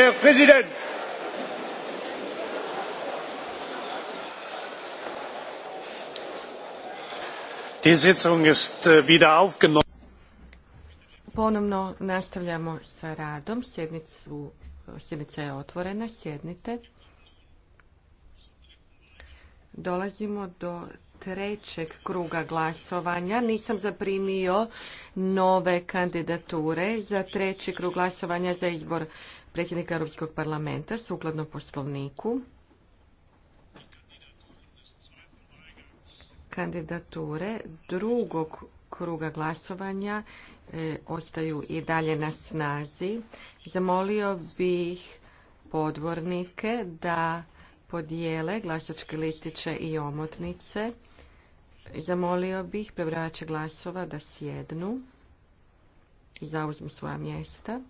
Herr Präsident! Die Sitzung ist äh, wieder aufgenommen. Ponovno nastavljamo sa radom. Sjednicu, sjednica je otvorena. Sjednite. Dolazimo do trećeg kruga glasovanja nisam zaprimio nove kandidature za treći krug glasovanja za izbor predsjednika Europskog parlamenta sukladno poslovniku. Kandidature drugog kruga glasovanja e, ostaju i dalje na snazi. Zamolio bih podvornike da podijele glasačke listiće i omotnice. Zamolio bih prebrajače glasova da sjednu i zauzmu svoja mjesta.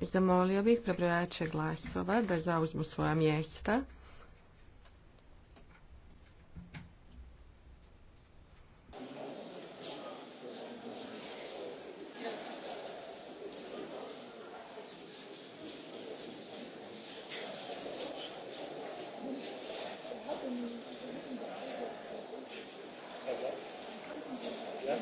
Zamolio bih prebrojače glasova da zauzmu svoja mjesta. da,